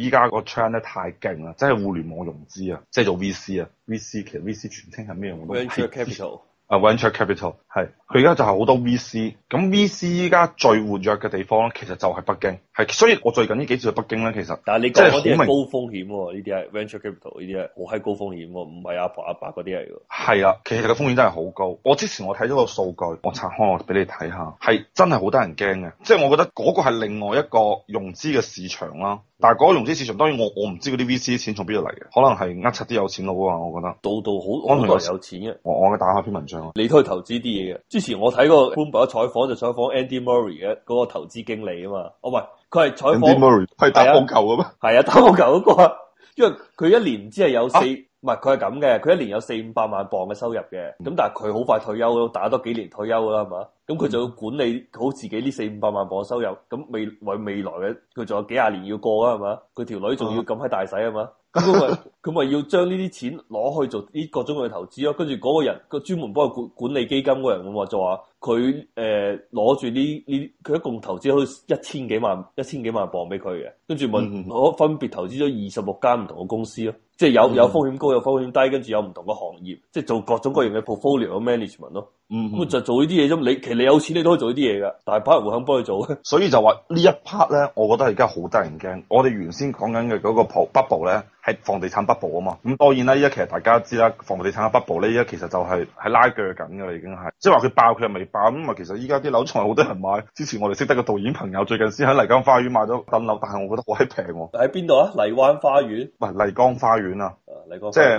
依家個 trend 咧太勁啦，真係互聯網融資啊，即係做 VC 啊，VC 其實 VC 全稱係咩？Venture Capital 啊，uh，Venture Capital 係，佢而家就係好多 VC，咁 VC 依家最活躍嘅地方咧，其實就係北京。係，所以我最近呢幾次去北京咧，其實即係好明高風險喎、啊。呢啲係 Venture Capital，呢啲係好閪高風險喎、啊，唔係阿婆阿爸嗰啲嚟嘅，係啊，其實個風險真係好高。我之前我睇咗個數據，我拆開我俾你睇下，係真係好得人驚嘅。即、就、係、是、我覺得嗰個係另外一個融資嘅市場啦、啊。但係嗰個融資市場當然我我唔知嗰啲 VC 錢從邊度嚟嘅，可能係呃出啲有錢佬啊。我覺得到到好安度有錢嘅。我我嘅打開篇文章，你都去投資啲嘢嘅。之前我睇嗰個 Bloomberg 採訪就採訪 Andy Murray 嘅嗰個投資經理啊嘛。哦，唔佢係採訪，係 Andy Murray,、啊、打網球嘅咩？係啊，打網球嗰個，因為佢一年只係有四，唔係佢係咁嘅，佢一年有四五百萬磅嘅收入嘅。咁、嗯、但係佢好快退休咯，打多幾年退休啦，係嘛？咁佢就要管理好自己呢四五百萬磅嘅收入。咁未為未來嘅佢仲有幾廿年要過要啊，係嘛？佢條女仲要咁喺大使，啊嘛？咁佢咪佢咪要將呢啲錢攞去做呢各種嘅投資咯。跟住嗰個人、嗰個專門幫佢管管理基金嘅人咁話就話。佢誒攞住呢呢，佢、呃、一共投資好似一千幾萬一千幾萬磅俾佢嘅，跟住問我分別投資咗二十六間唔同嘅公司咯，即係有，有風險高有風險低，跟住有唔同嘅行業，即係做各種各樣嘅 portfolio management 咯，咁就做呢啲嘢啫。你其實你有錢你都可以做呢啲嘢㗎，但係冇人會肯幫佢做，所以就話呢一 part 咧，我覺得而家好得人驚。我哋原先講緊嘅嗰個泡 bubble 咧，係房地產 bubble 啊嘛。咁當然啦，依家其實大家知啦，房地產嘅 bubble 咧，依家其實就係係拉鋸緊㗎啦，已經係即係話佢爆佢係咪？咁咪其實依家啲樓仲係好多人買。之前我哋識得個導演朋友，最近先喺麗江花園買咗棟樓，但係我覺得好閪平喎。喺邊度啊？麗灣花園？唔係麗江花園啊。啊，麗江即係是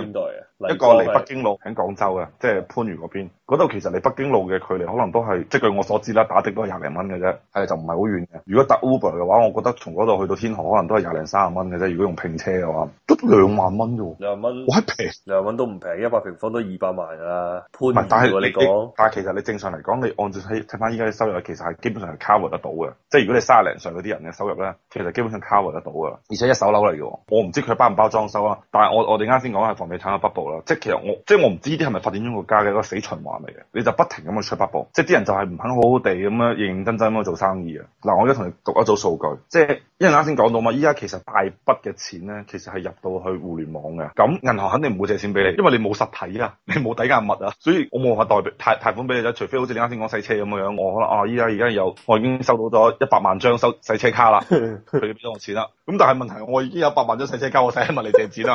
蕾哥 一個離北京路喺是廣州嘅，即係番禺嗰邊。嗰度其實離北京路嘅距離可能都係，即係據我所知啦，打的都係廿零蚊嘅啫。係就唔係好遠嘅。如果搭 Uber 嘅話，我覺得從嗰度去到天河可能都係廿零三十蚊嘅啫。如果用拼車嘅話，兩元兩都兩萬蚊啫。兩萬蚊？好閪平。兩萬蚊都唔平，一百平方都二百萬啊！番禺喎你講。但係說其實你正常嚟講。你按照睇睇翻依家嘅收入，其實係基本上係 cover 得到嘅。即係如果你卅零歲嗰啲人嘅收入咧，其實基本上 cover 得到嘅。而且一手樓嚟嘅，我唔知佢包唔包裝修啦。但係我我哋啱先講係房地產嘅北部啦。即係其實我即係我唔知啲係咪發展中國家嘅一個死循環嚟嘅。你就不停咁去出北部，即係啲人就係唔肯好好地咁樣認認真真咁樣做生意啊。嗱，我而家同你讀一組數據，即係因為啱先講到嘛，依家其實大筆嘅錢咧，其實係入到去互聯網嘅。咁銀行肯定唔會借錢俾你，因為你冇實體啊，你冇抵押物啊，所以我冇辦法貸貸款俾你啫。除非好似我洗車咁嘅樣，我可能啊，依家而家有，我已經收到咗一百萬張收洗車卡啦，佢要俾我錢啦。咁但係問題，我已經有百萬張洗車卡，我使乜問你借錢先？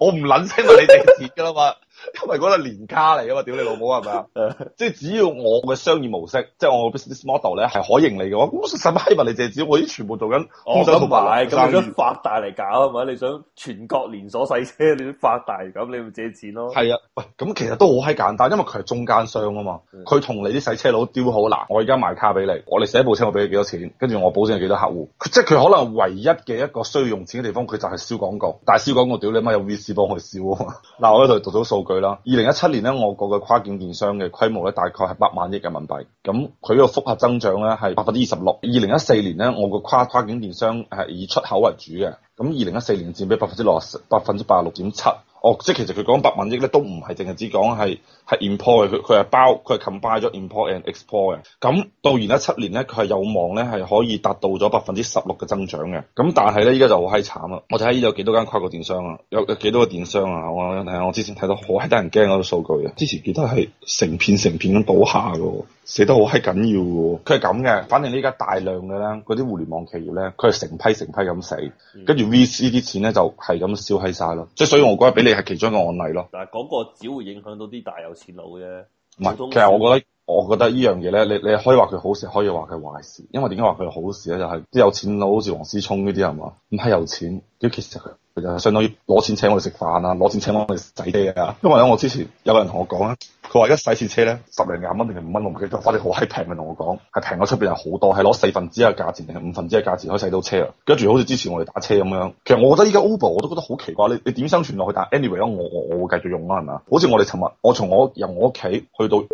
我唔捻聲問你借錢噶啦嘛。因為嗰個年卡嚟㗎嘛，屌你老母係咪啊？ 即係只要我嘅商業模式，即係我嘅 business model 咧，係可盈利嘅話，咁使乜閪問你借錢？我已經全部做緊，哦，咁唔係，咁你想發大嚟搞係咪你想全國連鎖洗車，你都發大咁你咪借錢咯。係啊，喂，咁其實都好閪簡單，因為佢係中間商啊嘛，佢同的你啲洗車佬 deal 好難。我而家賣卡俾你，我哋洗部車我俾你幾多錢，跟住我保證有幾多客戶。即係佢可能唯一嘅一個需要用錢嘅地方，佢就係燒廣告。但係燒廣告屌，屌你媽有 VC 幫 我嚟燒啊嘛。嗱，我喺度讀到數據。二零一七年咧，2017, 我國嘅跨境電商嘅規模咧，大概係八萬億人民幣。咁佢個複合增長咧係百分之二十六。二零一四年咧，我個跨跨境電商係以出口為主嘅，咁二零一四年佔比百分之六啊，百分之八十六點七。哦，即係其實佢講百萬億咧，都唔係淨係只講係係 import 佢佢係包佢係 combine 咗 import and export 嘅。咁、嗯、到二一七年咧，佢係有望咧係可以達到咗百分之十六嘅增長嘅。咁、嗯、但係咧依家就好閪慘啦。我睇下依度幾多間跨國電商啊，有有幾多個電商啊？我睇下我之前睇到好閪得人驚嗰個數據啊！之前記得係成片成片咁倒下嘅，死得好閪緊要嘅。佢係咁嘅，反正呢家大量嘅咧，嗰啲互聯網企業咧，佢係成批成批咁死，跟住、嗯、V C 啲錢咧就係咁燒閪晒咯。即係所以我覺得俾你。係其中一個案例咯，但係嗰個只會影響到啲大有錢佬嘅，唔係是。其實我覺得。我覺得呢樣嘢咧，你你可以話佢好事，可以話佢壞事。因為點解話佢係好事咧？就係、是、啲有錢佬，好似王思聰呢啲人嘛，唔係有錢。佢其實佢就相當於攞錢請我哋食飯啊，攞錢請我哋洗車啊。因為咧，我之前有個人同我講啊，佢話而家洗一次車咧十零廿蚊定係五蚊，我唔記得咗，反正好閪平咪同我講係平咗出邊人好多，係攞四分之一嘅價錢定係五分之一嘅價錢可以洗到車啊。跟住好似之前我哋打車咁樣，其實我覺得依家 Uber 我都覺得好奇怪。你你點生存落去？但係 anyway 我我我會繼續用啦，係嘛？好似我哋尋日我從我由我屋企去到。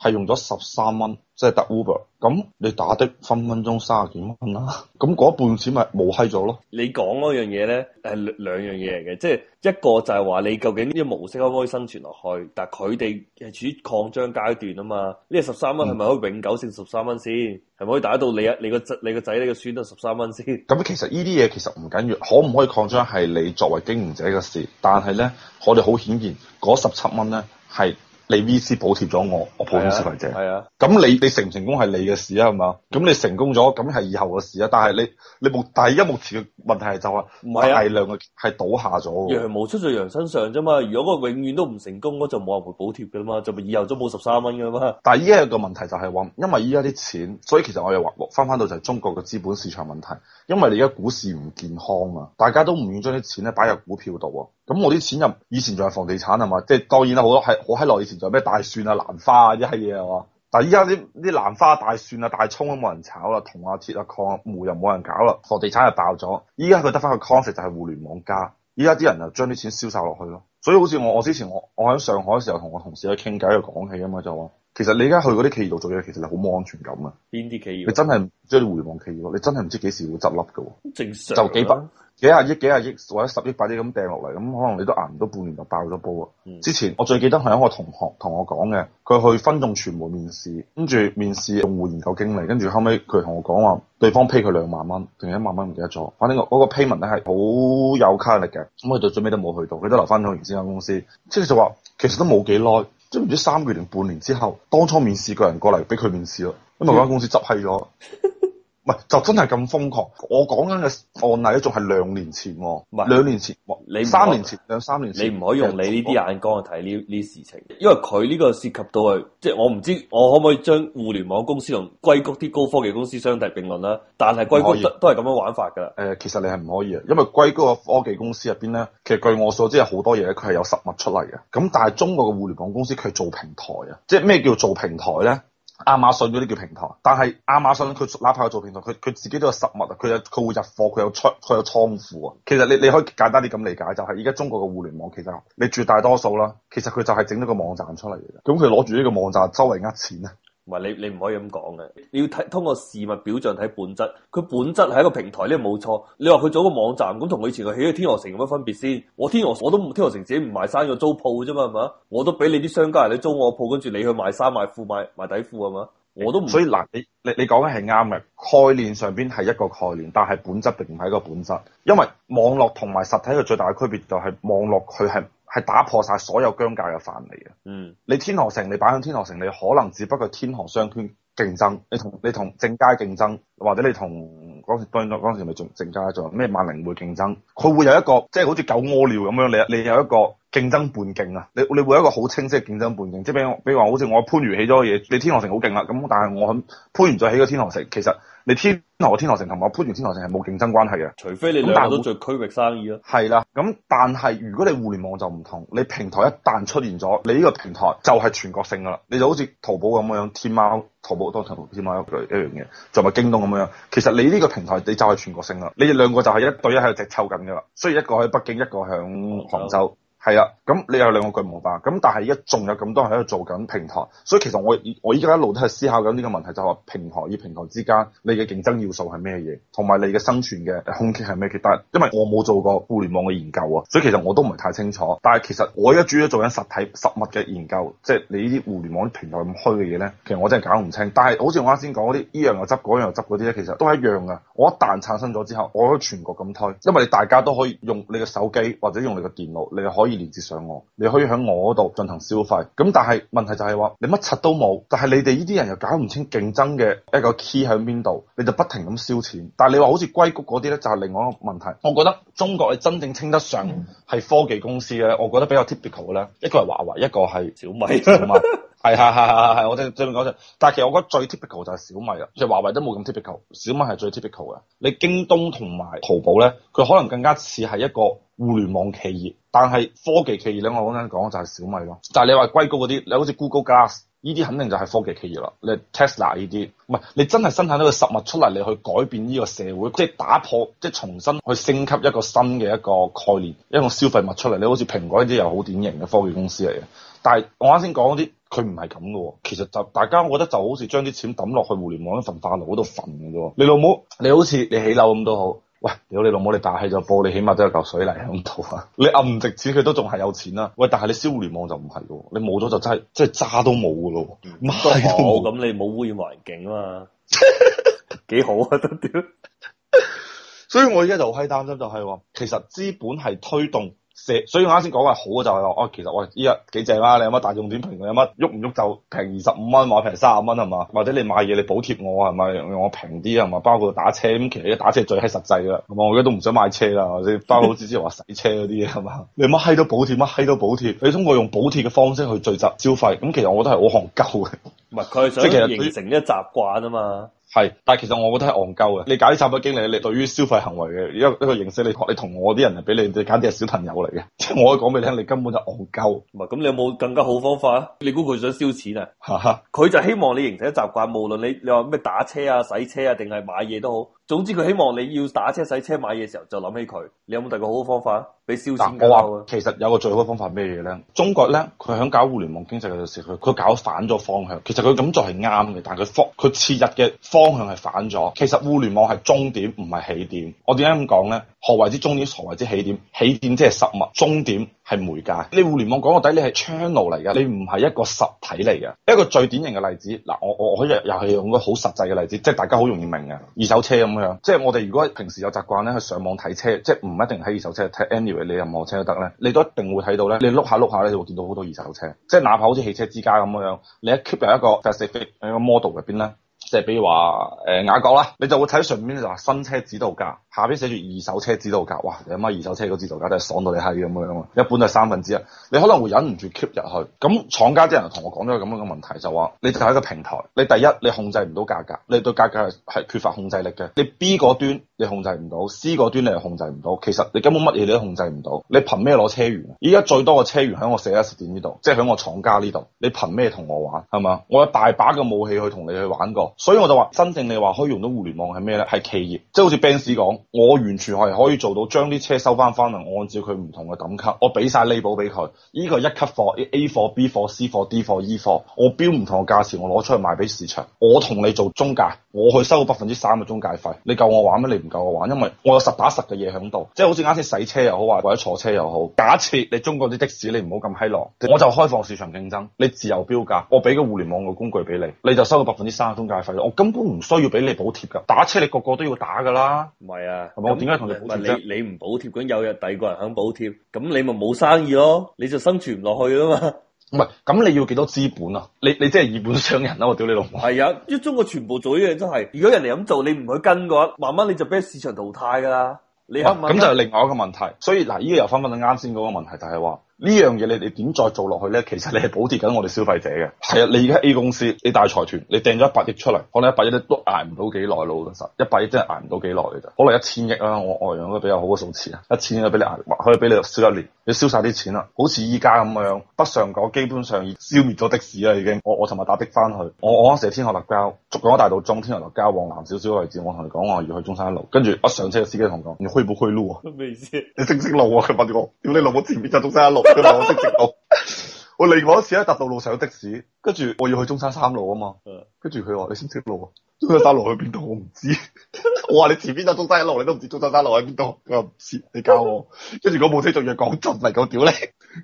係用咗十三蚊，即係得 Uber，咁你打的分分鐘三十幾蚊啦，咁嗰半錢咪冇閪咗咯。你講嗰樣嘢咧，誒，兩樣嘢嚟嘅，即係一個就係話你究竟呢啲模式可唔可以生存落去？但係佢哋係處於擴張階段啊嘛，呢十三蚊係咪可以永久性？十三蚊先？係咪可以打到你啊？你個仔，你個仔呢個孫都十三蚊先？咁其實呢啲嘢其實唔緊要，可唔可以擴張係你作為經營者嘅事，但係咧，我哋好顯然嗰十七蚊咧係。你 V C 補貼咗我，我普通消費者，係啊，咁、啊、你你成唔成功係你嘅事啊，係嘛？咁你成功咗，咁係以後嘅事是是啊。但係你你目，但係而家目前嘅問題係就話唔係大量嘅係倒下咗。羊毛出在羊身上啫嘛。如果我永遠都唔成功，就我就冇人會補貼㗎嘛。就咪以後都冇十三蚊㗎嘛。但係依家有個問題就係、是、話，因為依家啲錢，所以其實我又話翻翻到就係中國嘅資本市場問題，因為你而家股市唔健康啊，大家都唔願將啲錢咧擺入股票度。咁、嗯、我啲錢又以前仲係房地產係嘛，即係當然啦，好多係好喺耐以前仲有咩大蒜啊、蘭花啊一閪嘢係嘛，但係依家啲啲蘭花、大蒜啊、大葱都冇人炒啦，銅啊、鐵啊、礦啊，礦啊，礦啊煤又、啊、冇、啊、人搞啦，房地產又爆咗，依家佢得翻個 concept 就係互聯網加，依家啲人就將啲錢銷售落去咯。所以好似我我之前我我喺上海嘅時候同我同事喺度傾偈喺度講起啊嘛，就話其實你而家去嗰啲企業度做嘢其實你好冇安全感嘅。邊啲企業？你真係將啲互聯網企業，你真係唔知幾時會執笠嘅喎。正常。就幾筆。幾廿億、幾廿億或者十億、八億咁掟落嚟，咁可能你都捱唔到半年就爆咗煲啊！嗯、之前我最記得係一,一個同學同我講嘅，佢去分眾傳媒面試，跟住面試用戶研究經理，跟住後尾佢同我講話，對方 pay 佢兩萬蚊定係一萬蚊唔記得咗，反正個個 payment 咧係好有卡力嘅，咁佢就最尾都冇去到，佢都留翻咗原先間公司，即係就話其實都冇幾耐，即係唔知三月定半年之後，當初面試個人過嚟俾佢面試咯，因為嗰間公司執笠咗。嗯唔係就真係咁瘋狂，我講緊嘅案例咧，仲係兩年前喎。唔係兩年前，你三年前兩三年前，你唔可以用你呢啲眼光去睇呢啲事情，因為佢呢個涉及到去，即係我唔知我可唔可以將互聯網公司同硅谷啲高科技公司相提並論啦？但係硅谷都係咁樣玩法噶。誒，呃，其實你係唔可以啊，因為硅谷嘅科技公司入邊咧，其實據我所知有好多嘢佢係有實物出嚟嘅。咁但係中國嘅互聯網公司佢做平台啊，即係咩叫做平台咧？亞馬遜嗰啲叫平台，但係亞馬遜佢哪怕佢做平台，佢佢自己都有實物啊，佢有佢會入貨，佢有倉佢有倉庫啊。其實你你可以簡單啲咁理解，就係而家中國嘅互聯網，其實你絕大多數啦，其實佢就係整咗個網站出嚟嘅，咁佢攞住呢個網站周圍呃錢啊。唔係你，你唔可以咁講嘅。你要睇通過事物表象睇本質，佢本質係一個平台咧，冇錯。你話佢做個網站咁，同佢以前去起嘅天河城有乜分別先？我天河我都唔天河城自己唔賣衫，我租鋪啫嘛，係嘛？我都俾你啲商家你租我鋪，跟住你去賣衫、賣褲、賣賣底褲係嘛？我都唔。所以嗱，你你你講嘅係啱嘅，概念上邊係一個概念，但係本質並唔係一個本質，因為網絡同埋實體嘅最大嘅區別就係網絡佢係。係打破晒所有疆界嘅範圍啊！嗯，你天河城，你擺響天河城，你可能只不過天河商圈競爭，你同你同正佳競爭，或者你同嗰陣嗰陣時咪仲正佳仲有咩萬菱匯競爭，佢會有一個即係好似狗屙尿咁樣，你你有一個競爭半徑啊！你你會有一個好清晰嘅競爭半徑，即係比比如話好似我番禺起咗嘢，你天河城好勁啦，咁但係我喺番禺再起個天河城，其實。你天河天河城同埋我番禺天河城係冇競爭關係嘅，除非你兩個都做區域生意咯。係啦，咁但係如果你互聯網就唔同，你平台一旦出現咗，你呢個平台就係全國性噶啦，你就好似淘寶咁樣，天貓、淘寶都同天貓一樣嘢，就咪京東咁樣。其實你呢個平台你就係全國性啦，你哋兩個就係一對一喺度直抽緊噶啦，所以一個喺北京，一個響杭州。哦哦哦。係啊，咁你有兩個巨無霸，咁但係依家仲有咁多人喺度做緊平台，所以其實我我依家一路都係思考緊呢個問題，就係話平台與平台之間你嘅競爭要素係咩嘢，同埋你嘅生存嘅空隙係咩嘅？但係因為我冇做過互聯網嘅研究啊，所以其實我都唔係太清楚。但係其實我而家主要做緊實體實物嘅研究，即係你呢啲互聯網啲平台咁虛嘅嘢咧，其實我真係搞唔清。但係好似我啱先講嗰啲，依樣又執，嗰樣又執嗰啲咧，其實都係一樣嘅。我一旦產生咗之後，我可以全國咁推，因為你大家都可以用你嘅手機或者用你嘅電腦，你可以。連接上我，你可以喺我嗰度進行消費。咁但係問題就係話你乜柒都冇，但係你哋呢啲人又搞唔清競爭嘅一個 key 喺邊度，你就不停咁燒錢。但係你話好似硅谷嗰啲咧，就係另外一個問題。我覺得中國你真正稱得上係科技公司咧，我覺得比較 typical 嘅咧，一個係華為，一個係小米。係係係係係，我正正面講先。但係其實我覺得最 typical 就係小米啊，即係華為都冇咁 typical。小米係最 typical 嘅。你京東同埋淘寶咧，佢可能更加似係一個互聯網企業。但係科技企業咧，我啱啱講就係小米咯。但係你話硅谷嗰啲，你好似 Google Glass 呢啲，肯定就係科技企業啦。你 Tesla 呢啲，唔係你真係生產到個實物出嚟，你去改變呢個社會，即係打破，即係重新去升級一個新嘅一個概念，一個消費物出嚟。你好似蘋果呢啲，又好典型嘅科技公司嚟嘅。但係我啱先講嗰啲，佢唔係咁噶。其實就大家我覺得就好似將啲錢抌落去互聯網嗰個焚化爐嗰度焚嘅啫。你老母，你好似你起樓咁都好。喂，屌你老母！你打氣就破，你起碼都有嚿水泥喺度啊！你暗值錢佢都仲係有錢啦、啊。喂，但係你燒互聯網就唔係嘅，你冇咗就真係真係渣都冇噶咯。都冇，咁 你冇污染環境啊嘛， 幾好啊！得屌，所以我而家就係擔心就係話，其實資本係推動。所以我啱先講嘅好就係話，哦，其實喂依日幾正啦，你有乜大眾點評動動平，有乜喐唔喐就平二十五蚊，或者平卅蚊係嘛？或者你買嘢你補貼我係咪？用我平啲係嘛？包括打車咁，其實一打車最係實際啦，係嘛？我而家都唔想買車啦，或者包好似之前話洗車嗰啲嘢係嘛？你乜閪都補貼，乜閪都補貼，你通過用補貼嘅方式去聚集消費，咁其實我覺得係好戇鳩嘅。唔係佢係想形成呢個習慣啊嘛。係，但係其實我覺得係戇鳩嘅。你搞啲產品經理，你對於消費行為嘅一一個形式，你你同我啲人嚟俾你，你簡直係小朋友嚟嘅。即係我可以講俾你聽，你根本就戇鳩。唔係咁，你有冇更加好方法啊？你估佢想燒錢啊？哈哈，佢就希望你形成習慣，無論你你話咩打車啊、洗車啊，定係買嘢都好。總之佢希望你要打車、洗車、買嘢嘅時候就諗起佢，你有冇第個好好的方法啊？俾燒錢其實有個最好嘅方法咩嘢咧？中國呢，佢喺搞互聯網經濟嘅時候，佢搞反咗方向。其實佢咁做係啱嘅，但係佢方佢切入嘅方向係反咗。其實互聯網係終點唔係起點。我點解咁講呢？何為之終點？何為之起點？起點即係實物，終點。係媒介，你互聯網講到底，你係 channel 嚟㗎，你唔係一個實體嚟㗎。一個最典型嘅例子，嗱，我我可以又係用個好實際嘅例子，即係大家好容易明嘅，二手車咁樣。即係我哋如果平時有習慣咧，去上網睇車，即係唔一定喺二手車，睇 anyway 你任何車都得咧，你都一定會睇到咧，你碌下碌下咧就會見到好多二手車。即係哪怕好似汽車之家咁樣，你一 Keep 入一個 specific model 入邊咧，即係比如話誒、呃、雅閣啦，你就會睇上面就話新車指導價。下邊寫住二手車指導價，哇！你諗下二手車嗰指導價都係爽到你閪咁樣啊！一般都係三分之一，你可能會忍唔住 keep 入去。咁廠家啲人同我講咗個咁樣嘅問題，就話你作為一個平台，你第一你控制唔到價格，你對價格係缺乏控制力嘅。你 B 嗰端你控制唔到，C 嗰端你又控制唔到，其實你根本乜嘢你都控制唔到。你憑咩攞車源？而家最多嘅車源喺我 4S 店呢度，即係喺我廠家呢度。你憑咩同我玩？係咪？我有大把嘅武器去同你去玩過，所以我就話真正你話可以用到互聯網係咩咧？係企業，即係好似 Benz 講。我完全係可以做到，將啲車收翻翻嚟，按照佢唔同嘅等級，我俾晒 label 俾佢，呢個一級貨、A 貨、B 貨、C 貨、D 貨、E 貨，我標唔同嘅價錢，我攞出去賣俾市場，我同你做中介。我去收個百分之三嘅中介費，你夠我玩咩？你唔夠我玩，因為我有實打實嘅嘢喺度，即係好似啱先洗車又好，或者坐車又好。假設你中國啲的，的士你唔好咁閪浪，我就開放市場競爭，你自由標價，我俾個互聯網嘅工具俾你，你就收個百分之三嘅中介費，我根本唔需要俾你補貼㗎。打車你個個都要打噶啦，唔係啊，係咪吧？那我點解同你補貼？你你唔補貼咁，有日第二個人肯補貼，咁你咪冇生意咯，你就生存唔落去啦嘛。唔係，咁你要幾多資本啊？你你即係以本傷人啊？我屌你老母，係啊！一中國全部做呢嘢，真係，如果人哋咁做，你唔去跟嘅話，慢慢你就俾市場淘汰㗎喇。你啱唔啱，啊，就係另外一個問題，所以嗱，呢，這個又翻返到啱先嗰個問題，就係話。呢樣嘢你哋點再做落去呢？其實你係補貼緊我哋消費者嘅。係啊，你而家 A 公司，你大財團，你掟咗一百億出嚟，可能一百億都都捱唔到幾耐咯。其實一百億真係捱唔到幾耐嘅啫。可能一千億啊，我外養都比較好嘅數字啊，一千億俾你捱，可以俾你燒一年，你燒晒啲錢啦。好似依家咁樣，北上港基本上已消滅咗的士啦，已經。我我尋日打的翻去，我我嗰時喺天河立交，逐咗大道中天河立交往南少少位置，我同你講我要去中山一路，跟住我上車嘅司機同我講：， 你開唔開路啊？未知，你識唔識路啊？佢問我，屌你老母，前面就中山一路。佢話 我識直路，我嚟過一次咧，搭道路上有的士，跟住我要去中山三路啊嘛，跟住佢話，你識唔識路啊？中山三路去邊度？我唔知。 我話你前邊就中山一路，你都唔知中山三路喺邊度？佢話唔知，你教我。跟住嗰部車仲要講真係咁屌咧，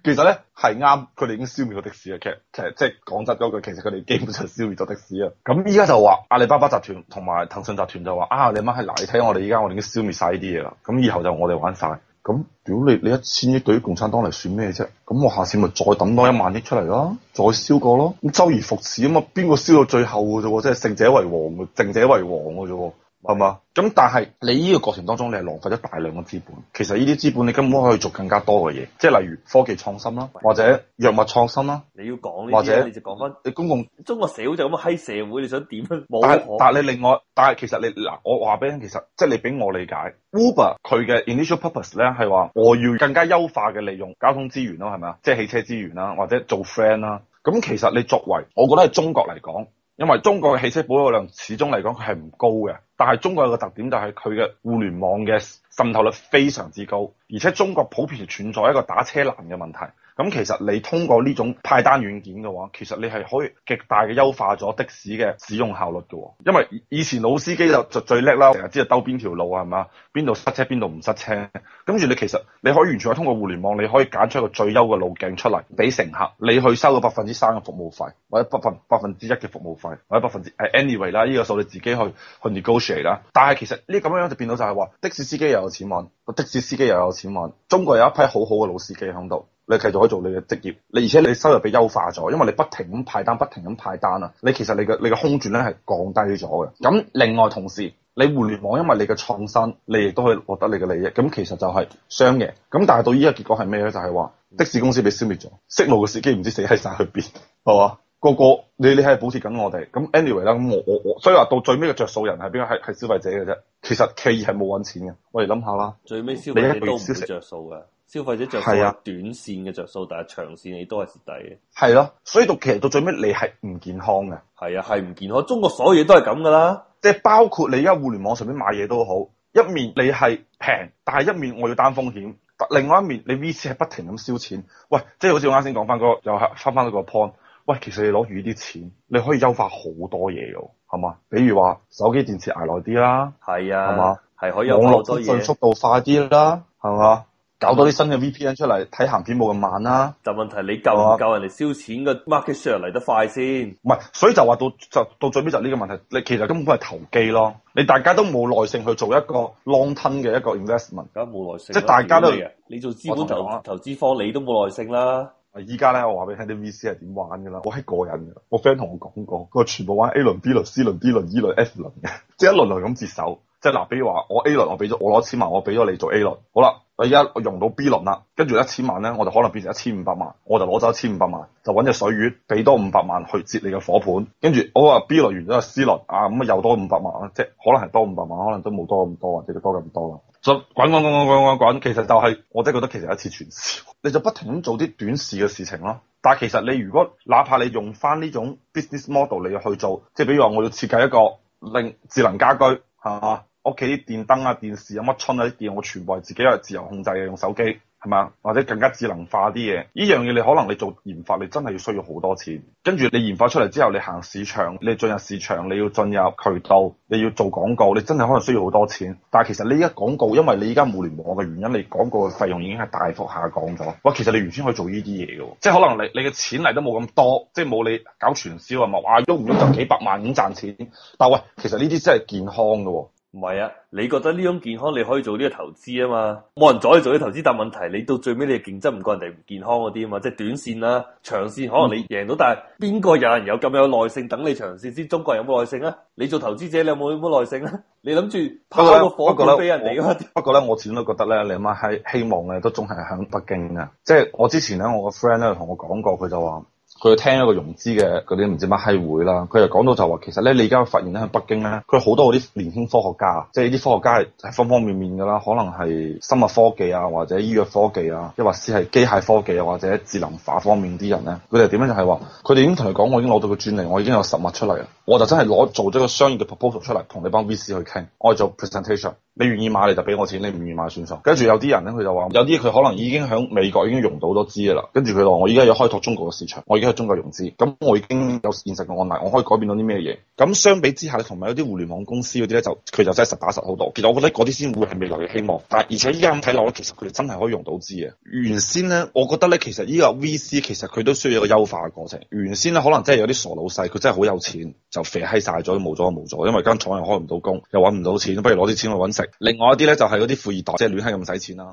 其實咧係啱，佢哋已經消滅咗的士啊。其實，即係即係講真句，其實佢哋基本上消滅咗的士啊。咁依家就話阿里巴巴集團同埋騰訊集團就話啊，你媽閪嗱， 你睇下我哋依家，我哋已經消滅晒呢啲嘢啦。咁以後就我哋玩晒。咁屌你，你一千億對於共產黨嚟算咩啫？咁我下次咪再抌多一萬億出嚟咯，再燒過咯。咁周而復始啊嘛，邊個燒到最後嘅啫喎？即係勝者為王嘅，勝者為王嘅啫喎。係嘛？咁但係你呢個過程當中，你係浪費咗大量嘅資本。其實呢啲資本你根本可以做更加多嘅嘢，即係例如科技創新啦，或者藥物創新啦。喂新你要講呢啲，或者你就講翻你公共中國社會就咁嘅閪社會，你想點？冇。但係但係你另外，但係其實你嗱，我話俾你聽，其實即係你俾我理解，Uber 佢嘅 initial purpose 咧係話我要更加優化嘅利用交通資源咯，係咪啊？即係汽車資源啦，或者做 friend 啦、啊。咁其實你作為，我覺得喺中國嚟講。因為中國嘅汽車保有量始終嚟講佢係唔高嘅，但係中國有個特點就係佢嘅互聯網嘅滲透率非常之高，而且中國普遍存在一個打車難嘅問題。咁其實你通過呢種派單軟件嘅話，其實你係可以極大嘅優化咗的士嘅使用效率㗎喎。因為以前老司機就就最叻啦，成日知道兜邊條路啊，係嘛？邊度塞車，邊度唔塞車。跟住你其實你可以完全係通過互聯網，你可以揀出一個最優嘅路徑出嚟俾乘客。你去收個百分之三嘅服務費，或者百分百分之一嘅服務費，或者百分之誒 anyway 啦，呢個數你自己去去 negotiate 啦。但係其實呢咁樣就變到就係話的士司機又有錢揾，個的士司機又有錢揾。中國有一批好好嘅老司機喺度。你繼續可以做你嘅職業，你而且你收入被優化咗，因為你不停咁派單，不停咁派單啊！你其實你嘅你嘅空轉咧係降低咗嘅。咁另外同時，你互聯網因為你嘅創新，你亦都可以獲得你嘅利益。咁其實就係雙贏嘅。咁但係到依家結果係咩咧？就係、是、話、嗯、的士公司被消滅咗，識路嘅司機唔知死喺晒去邊，係嘛？個個你你係補貼緊我哋。咁 anyway 啦，咁我我我所以話到最尾嘅着數人係邊個？係係消費者嘅啫。其實企業係冇揾錢嘅。我哋諗下啦，最尾消費者你邊都唔係着數嘅。消費者着數係啊，短線嘅着數，但係長線你都係蝕底嘅，係咯、啊。所以到其實到最尾你係唔健康嘅，係啊，係唔健康。中國所有嘢都係咁噶啦，即係包括你而家互聯網上邊買嘢都好，一面你係平，但係一面我要擔風險，另外一面你 VC 係不停咁燒錢。喂，即係好似我啱先講翻嗰個又係翻翻嗰個 point，喂，其實你攞住啲錢，你可以優化好多嘢噶，係嘛？比如話手機電池捱耐啲啦，係啊，係嘛吧？係可以優化好多嘢。網絡通訊速度快啲啦，係嘛？搞到啲新嘅 VPN 出嚟睇鹹片冇咁慢啦、啊。就問題你夠唔夠人哋燒錢嘅 market share 嚟得快先。唔係，所以就話到就到最屘就呢個問題。你其實根本都係投機咯。你大家都冇耐性去做一個 long term 嘅一個 investment。而冇耐性，即係大家都你做資本投投資方，你都冇耐性啦。依家咧，我話俾你聽啲 VC 係點玩噶啦。我係個人嘅，我 friend 同我講過，佢全部玩 A 輪 B 輪 C 輪 D 輪 E 輪 F 輪嘅，即 係一輪輪咁接手。即係嗱，比如話我 A 輪我俾咗我攞千萬，我俾咗你做 A 輪，好啦，我而家我用到 B 輪啦，跟住一千萬咧，我就可能變成一千五百萬，我就攞咗一千五百萬，就揾隻水魚俾多五百萬去接你嘅火盤，跟住我話 B 輪完咗，C 輪啊咁啊又多五百萬啦，即係可能係多五百萬，可能都冇多咁多或者多咁多啦，就滾滾滾滾滾滾滾，其實就係、是、我真係覺得其實一次傳銷，你就不停咁做啲短視嘅事情咯。但係其實你如果哪怕你用翻呢種 business model 你要去做，即係比如話我要設計一個令智能家居。啊嘛？屋企啲電燈啊、電視啊、乜春啊啲電我全部係自己係自由控制嘅，用手機。係嘛？或者更加智能化啲嘢，呢樣嘢你可能你做研發，你真係要需要好多錢。跟住你研發出嚟之後，你行市場，你進入市場，你要進入渠道，你要做廣告，你真係可能需要好多錢。但係其實你而家廣告，因為你而家互聯網嘅原因，你廣告嘅費用已經係大幅下降咗。哇，其實你完全可以做呢啲嘢嘅，即係可能你你嘅錢嚟都冇咁多，即係冇你搞傳銷是是啊嘛。哇，喐唔喐就幾百萬咁賺錢。但係喂，其實呢啲真係健康噶。唔係啊，你覺得呢種健康你可以做呢個投資啊嘛？冇人阻你做啲投資，但問題你到最尾你競爭唔過人哋唔健康嗰啲啊嘛，即係短線啦、啊、長線，可能你贏到，嗯、但係邊個有人有咁有耐性等你長線先？中國人有冇耐性啊？你做投資者你有冇咁耐性啊？你諗住拋個火罐俾人哋？不過咧，我始終都覺得咧，你阿媽係希望咧都仲係響北京啊，即係我之前咧，我個 friend 咧同我講過，佢就話。佢聽一個融資嘅嗰啲唔知乜閪會啦，佢就講到就話其實咧，你而家發現咧喺北京咧，佢好多嗰啲年輕科學家，即係啲科學家係方方面面嘅啦，可能係生物科技啊，或者醫藥科技啊，亦或係機械科技啊，或者智能化方面啲人咧，佢哋點樣就係話，佢哋已經同佢講，我已經攞到個專利，我已經有實物出嚟啦。我就真係攞做咗個商業嘅 proposal 出嚟，同你班 VC 去傾。我做 presentation，你願意買你就俾我錢，你唔願意買算數。跟住有啲人咧，佢就話有啲佢可能已經喺美國已經融到多資嘅啦。跟住佢話我依家要開拓中國嘅市場，我已經喺中國融資，咁我已經有現實嘅案例，我可以改變到啲咩嘢。咁相比之下，同埋有啲互聯網公司嗰啲咧，就佢就真係實打實好多。其實我覺得嗰啲先會係未來嘅希望。但係而且依家咁睇落，其實佢哋真係可以融到資嘅。原先咧，我覺得咧，其實依個 VC 其實佢都需要一個優化嘅過程。原先咧，可能真係有啲傻老細，佢真係好有錢。就肥閪晒咗，都冇咗，冇 咗樂，因為間廠又開唔到工，又揾唔到錢，不如攞啲錢去揾食。另外一啲咧，就係嗰啲富二代，即係亂閪咁使錢啦。